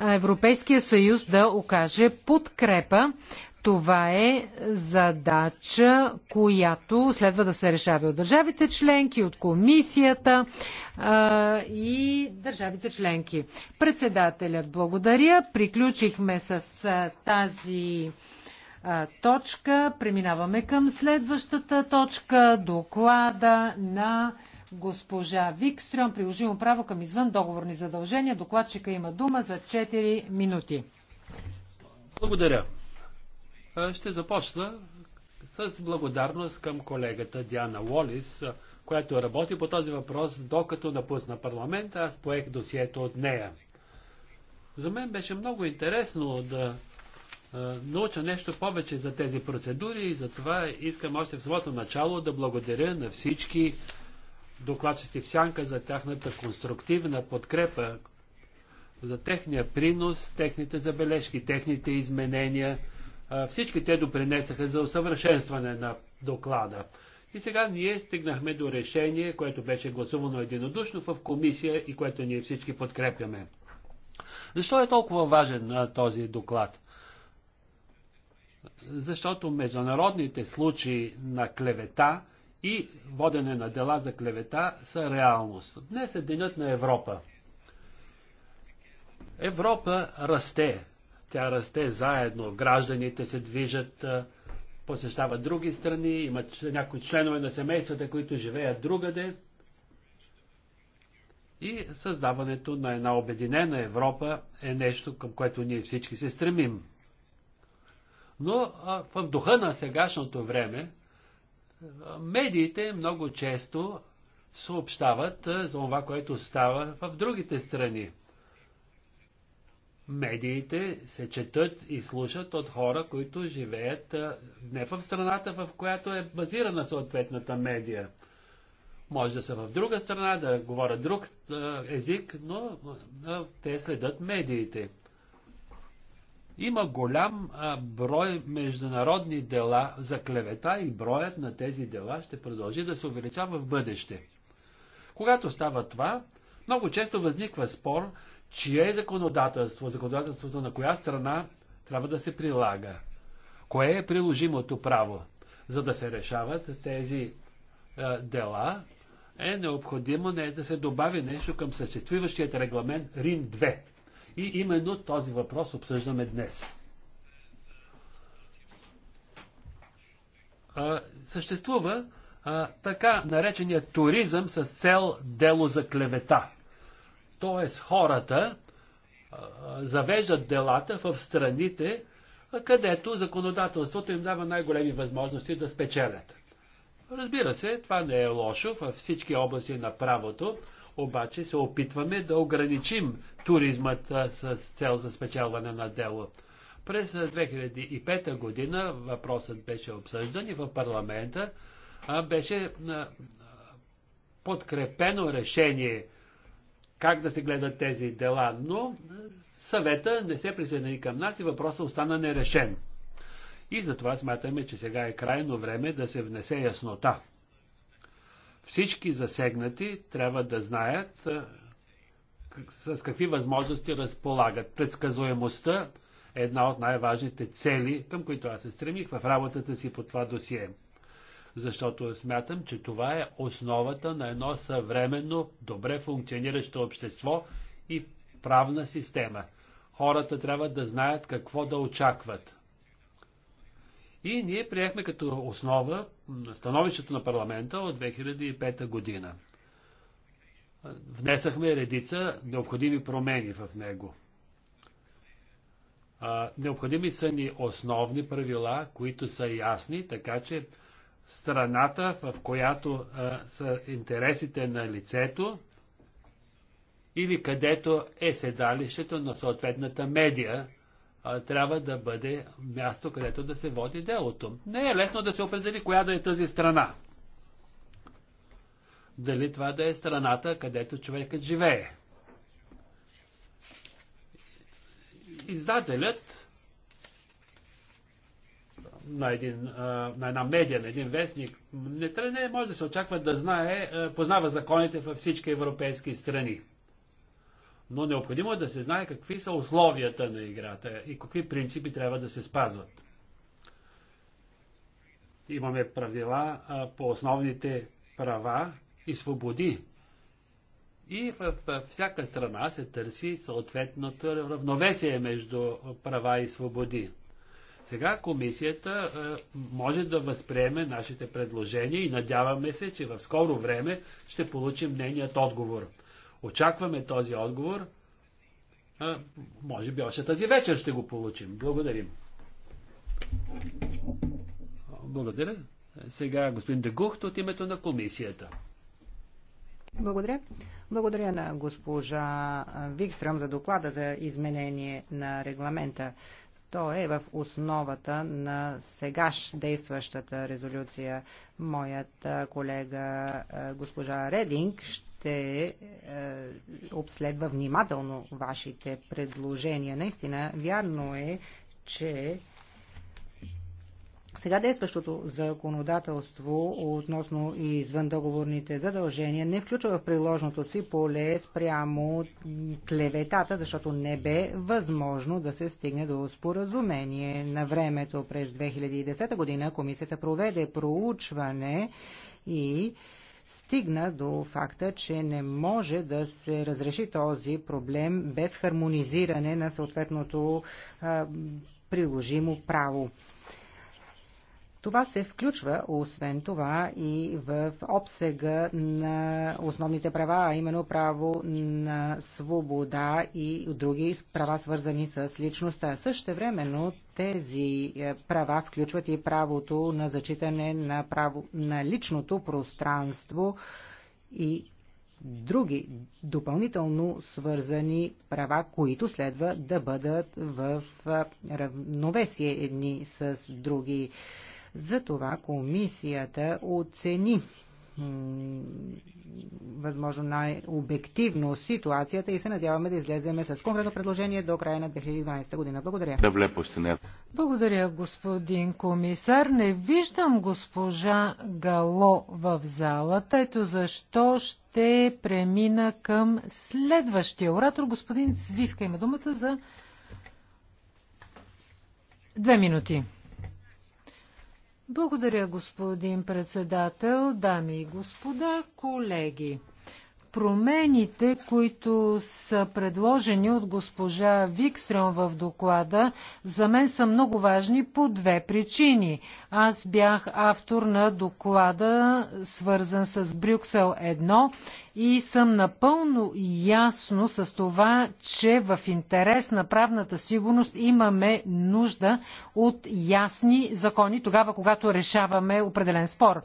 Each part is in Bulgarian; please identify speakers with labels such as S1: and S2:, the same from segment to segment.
S1: Европейския съюз да окаже подкрепа. Това е задача, която следва да се решава от държавите членки, от комисията а, и държавите членки. Председателят благодаря. Приключихме с а, тази а, точка. Преминаваме към следващата точка доклада на госпожа Викстрюм, приложимо право към извън договорни задължения. Докладчика има дума за 4 минути.
S2: Благодаря. Ще започна с благодарност към колегата Диана Уолис, която работи по този въпрос, докато напусна парламента. Аз поех досието от нея. За мен беше много интересно да науча нещо повече за тези процедури и затова искам още в самото начало да благодаря на всички докладчици в сянка за тяхната конструктивна подкрепа, за техния принос, техните забележки, техните изменения. Всички те допринесаха за усъвършенстване на доклада. И сега ние стигнахме до решение, което беше гласувано единодушно в комисия и което ние всички подкрепяме. Защо е толкова важен този доклад? Защото международните случаи на клевета – и водене на дела за клевета са реалност. Днес е денят на Европа. Европа расте. Тя расте заедно. Гражданите се движат, посещават други страни, имат някои членове на семействата, които живеят другаде. И създаването на една обединена Европа е нещо, към което ние всички се стремим. Но в духа на сегашното време, Медиите много често съобщават за това, което става в другите страни. Медиите се четат и слушат от хора, които живеят не в страната, в която е базирана съответната медия. Може да са в друга страна, да говорят друг език, но те следят медиите. Има голям а, брой международни дела за клевета и броят на тези дела ще продължи да се увеличава в бъдеще. Когато става това, много често възниква спор, чие е законодателство, законодателството на коя страна трябва да се прилага, кое е приложимото право. За да се решават тези а, дела, е необходимо не да се добави нещо към съществуващият регламент Рим 2. И именно този въпрос обсъждаме днес. съществува така наречения туризъм с цел дело за клевета. Тоест хората завеждат делата в страните, където законодателството им дава най-големи възможности да спечелят. Разбира се, това не е лошо във всички области на правото, обаче се опитваме да ограничим туризмът с цел за спечелване на дело. През 2005 година въпросът беше обсъждан и в парламента беше подкрепено решение как да се гледат тези дела, но съвета не се присъедини към нас и въпросът остана нерешен. И затова смятаме, че сега е крайно време да се внесе яснота всички засегнати трябва да знаят с какви възможности разполагат. Предсказуемостта е една от най-важните цели, към които аз се стремих в работата си по това досие. Защото смятам, че това е основата на едно съвременно, добре функциониращо общество и правна система. Хората трябва да знаят какво да очакват. И ние приехме като основа становището на парламента от 2005 година. Внесахме редица необходими промени в него. Необходими са ни основни правила, които са ясни, така че страната, в която са интересите на лицето или където е седалището на съответната медия, трябва да бъде място, където да се води делото. Не е лесно да се определи коя да е тази страна. Дали това да е страната, където човекът живее. Издателят на, един, на една медия, на един вестник, не, не може да се очаква да знае, познава законите във всички европейски страни но необходимо е да се знае какви са условията на играта и какви принципи трябва да се спазват. Имаме правила а, по основните права и свободи. И в, в всяка страна се търси съответното равновесие между права и свободи. Сега комисията а, може да възприеме нашите предложения и надяваме се, че в скоро време ще получим нейният отговор. Очакваме този отговор. А, може би още тази вечер ще го получим. Благодарим. Благодаря. Сега господин Дегухт от името на комисията.
S3: Благодаря. Благодаря на госпожа Викстрам за доклада за изменение на регламента. То е в основата на сегаш действащата резолюция. Моят колега госпожа Рединг ще ще е, обследва внимателно вашите предложения. Наистина, вярно е, че сега действащото законодателство относно и извън договорните задължения не включва в приложното си поле спрямо клеветата, защото не бе възможно да се стигне до споразумение. На времето през 2010 година комисията проведе проучване и стигна до факта, че не може да се разреши този проблем без хармонизиране на съответното а, приложимо право. Това се включва, освен това, и в обсега на основните права, а именно право на свобода и други права, свързани с личността. Също времено тези е, права включват и правото на зачитане на, право, на личното пространство и други допълнително свързани права, които следва да бъдат в е, равновесие едни с други. Затова комисията оцени възможно най-обективно ситуацията и се надяваме да излеземе с конкретно предложение до края на 2012 година. Благодаря. Да Благодаря, господин комисар.
S1: Не виждам госпожа Гало в залата. Ето защо ще премина към следващия оратор. Господин Звивка има думата за две минути. Благодаря, господин председател, дами и господа, колеги. Промените, които са предложени от госпожа Викстрем в доклада, за мен са много важни по две причини. Аз бях автор на доклада, свързан с Брюксел 1 и съм напълно ясно с това, че в интерес на правната сигурност имаме нужда от ясни закони тогава, когато решаваме определен спор.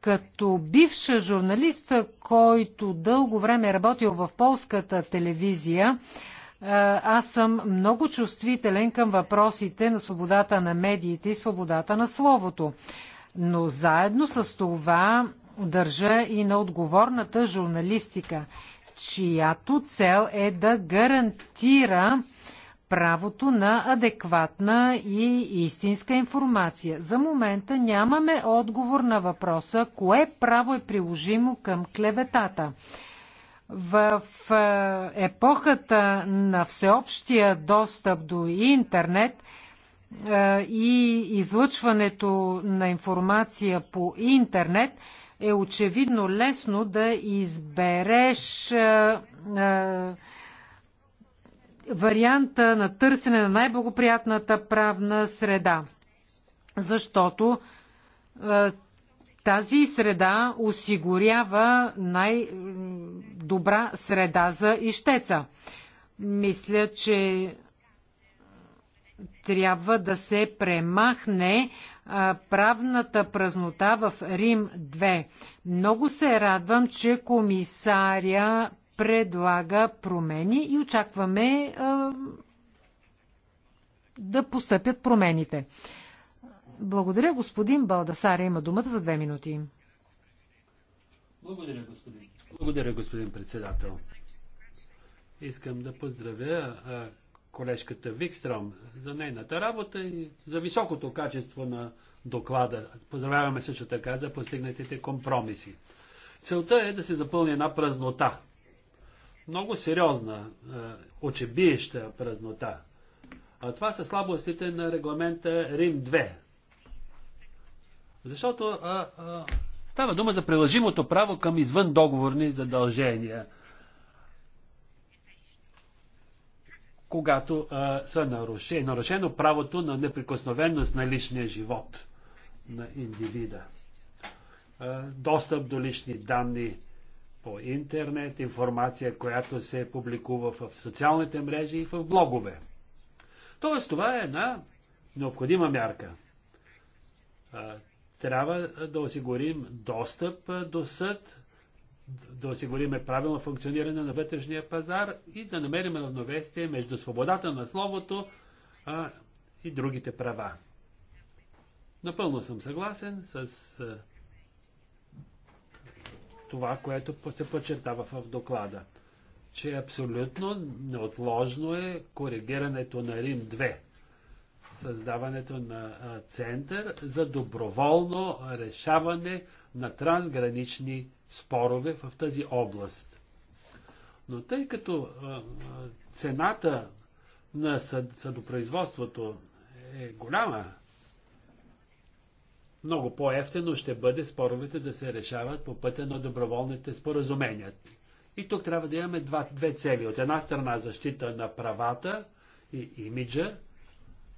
S1: Като бивша журналист, който дълго време е работил в полската телевизия, е, аз съм много чувствителен към въпросите на свободата на медиите и свободата на словото. Но заедно с това държа и на отговорната журналистика, чиято цел е да гарантира правото на адекватна и истинска информация. За момента нямаме отговор на въпроса кое право е приложимо към клеветата. В е, епохата на всеобщия достъп до интернет е, и излъчването на информация по интернет, е очевидно лесно да избереш е, варианта на търсене на най-благоприятната правна среда, защото е, тази среда осигурява най-добра среда за ищеца. Мисля, че трябва да се премахне е, правната празнота в Рим 2. Много се радвам, че комисаря предлага промени и очакваме а, да постъпят промените. Благодаря, господин Балдасаре. Има думата за две минути.
S2: Благодаря, господин. Благодаря, господин председател. Искам да поздравя а, колежката Викстром за нейната работа и за високото качество на доклада. Поздравяваме също така за постигнатите компромиси. Целта е да се запълни една празнота много сериозна, е, очебиеща празнота. А това са слабостите на регламента Рим 2. Защото а, а, става дума за приложимото право към извън договорни задължения, когато а, са нарушено, нарушено правото на неприкосновеност на личния живот на индивида. А, достъп до лични данни, по интернет, информация, която се публикува в социалните мрежи и в блогове. Тоест, това е една необходима мярка. Трябва да осигурим достъп до съд, да осигуриме правилно функциониране на вътрешния пазар и да намерим равновесие между свободата на словото и другите права. Напълно съм съгласен с това, което се подчертава в доклада, че е абсолютно неотложно е коригирането на Рим 2, създаването на център за доброволно решаване на трансгранични спорове в тази област. Но тъй като цената на съдопроизводството е голяма, много по-ефтено ще бъде споровете да се решават по пътя на доброволните споразумения. И тук трябва да имаме два, две цели. От една страна защита на правата и имиджа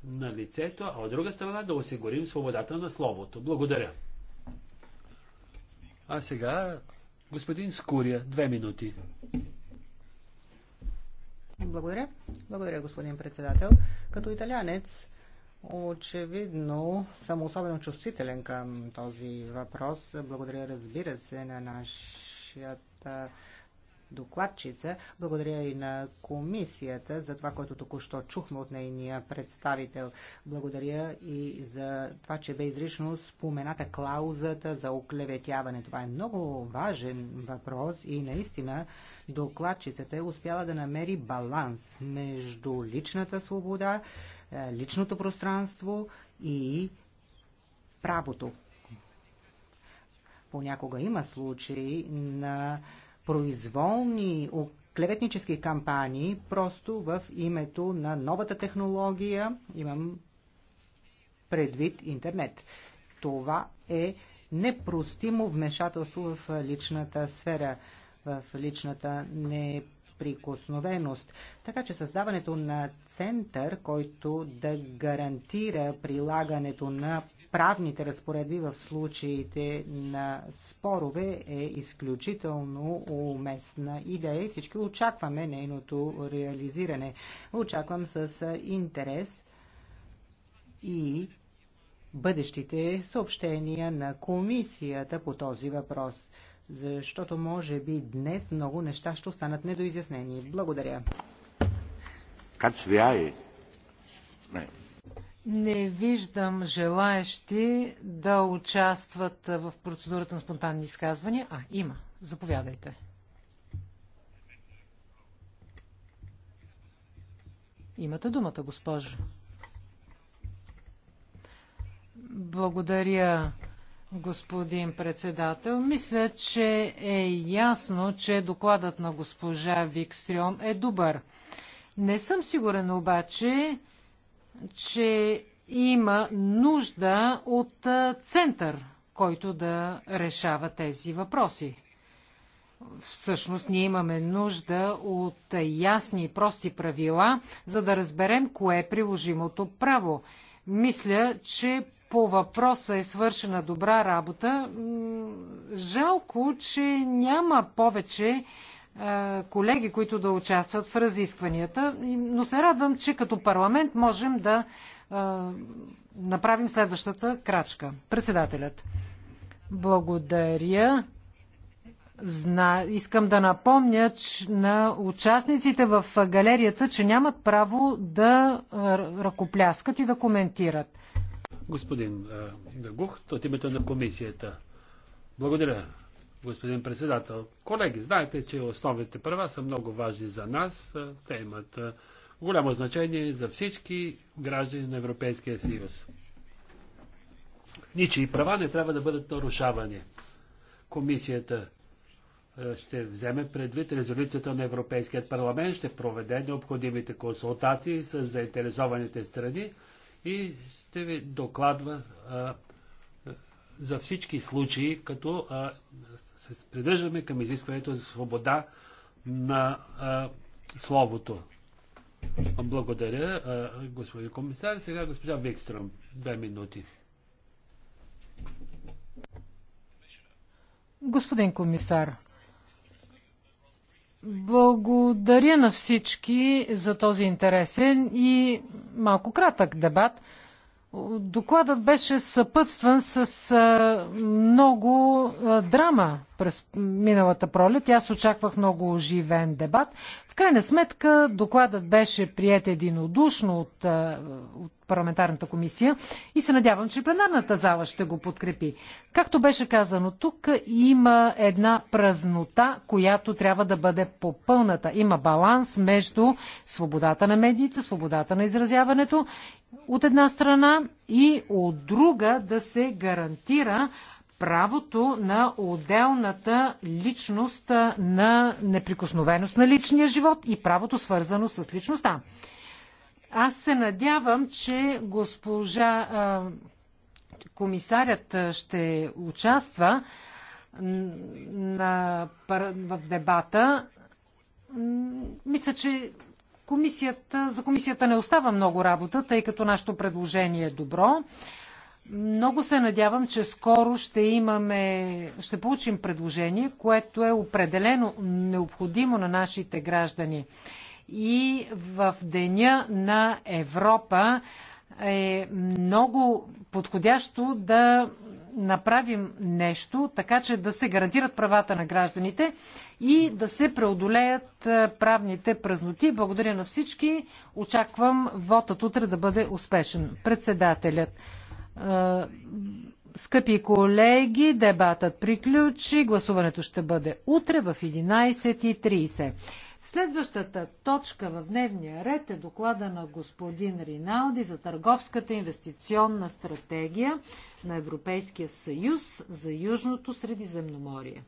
S2: на лицето, а от друга страна да осигурим свободата на словото. Благодаря. А сега господин Скурия, две минути.
S3: Благодаря. Благодаря, господин председател. Като италянец Очевидно съм особено чувствителен към този въпрос. Благодаря, разбира се, на нашата докладчица. Благодаря и на комисията за това, което току-що чухме от нейния представител. Благодаря и за това, че бе изрично спомената клаузата за оклеветяване. Това е много важен въпрос и наистина докладчицата е успяла да намери баланс между личната свобода, е, личното пространство и правото. Понякога има случаи на произволни клеветнически кампании, просто в името на новата технология, имам предвид интернет. Това е непростимо вмешателство в личната сфера, в личната неприкосновеност неприкосновеност. Така че създаването на център, който да гарантира прилагането на правните разпоредби в случаите на спорове е изключително уместна идея и всички очакваме нейното реализиране. Очаквам с интерес и бъдещите съобщения на комисията по този въпрос, защото може би днес много неща ще останат недоизяснени. Благодаря. Не
S1: виждам желаещи да участват в процедурата на спонтанни изказвания. А, има. Заповядайте. Имате думата, госпожо. Благодаря, господин председател. Мисля, че е ясно, че докладът на госпожа Викстрюм е добър. Не съм сигурен обаче, че има нужда от център, който да решава тези въпроси. Всъщност ние имаме нужда от ясни и прости правила, за да разберем кое е приложимото право. Мисля, че по въпроса е свършена добра работа. Жалко, че няма повече е, колеги, които да участват в разискванията, но се радвам, че като парламент можем да е, направим следващата крачка. Председателят. Благодаря. Зна... Искам да напомня че на участниците в галерията, че нямат право да е, ръкопляскат и да коментират.
S2: Господин Гухт, от името на комисията. Благодаря, господин председател. Колеги, знаете, че основните права са много важни за нас. Те имат голямо значение за всички граждани на Европейския съюз. Ничии права не трябва да бъдат нарушавани. Комисията ще вземе предвид резолюцията на Европейският парламент, ще проведе необходимите консултации с заинтересованите страни и ще ви докладва а, за всички случаи, като а, се придържаме към изискването за свобода на а, словото. Благодаря, господин комисар. Сега госпожа Викстром, две минути.
S1: Господин комисар, благодаря на всички за този интересен и малко кратък дебат. Докладът беше съпътстван с много драма през миналата пролет. Аз очаквах много оживен дебат. В крайна сметка докладът беше прият единодушно от, от парламентарната комисия и се надявам, че пленарната зала ще го подкрепи. Както беше казано тук, има една празнота, която трябва да бъде попълната. Има баланс между свободата на медиите, свободата на изразяването от една страна и от друга да се гарантира правото на отделната личност на неприкосновеност на личния живот и правото свързано с личността. Аз се надявам, че госпожа а, комисарят ще участва на, в дебата. Мисля, че комисията, за комисията не остава много работа, тъй като нашето предложение е добро. Много се надявам, че скоро ще имаме, ще получим предложение, което е определено необходимо на нашите граждани и в Деня на Европа е много подходящо да направим нещо, така че да се гарантират правата на гражданите и да се преодолеят е, правните празноти. Благодаря на всички. Очаквам вотът утре да бъде успешен. Председателят. Е, скъпи колеги, дебатът приключи. Гласуването ще бъде утре в 11.30. Следващата точка в дневния ред е доклада на господин Риналди за търговската инвестиционна стратегия на Европейския съюз за Южното Средиземноморие.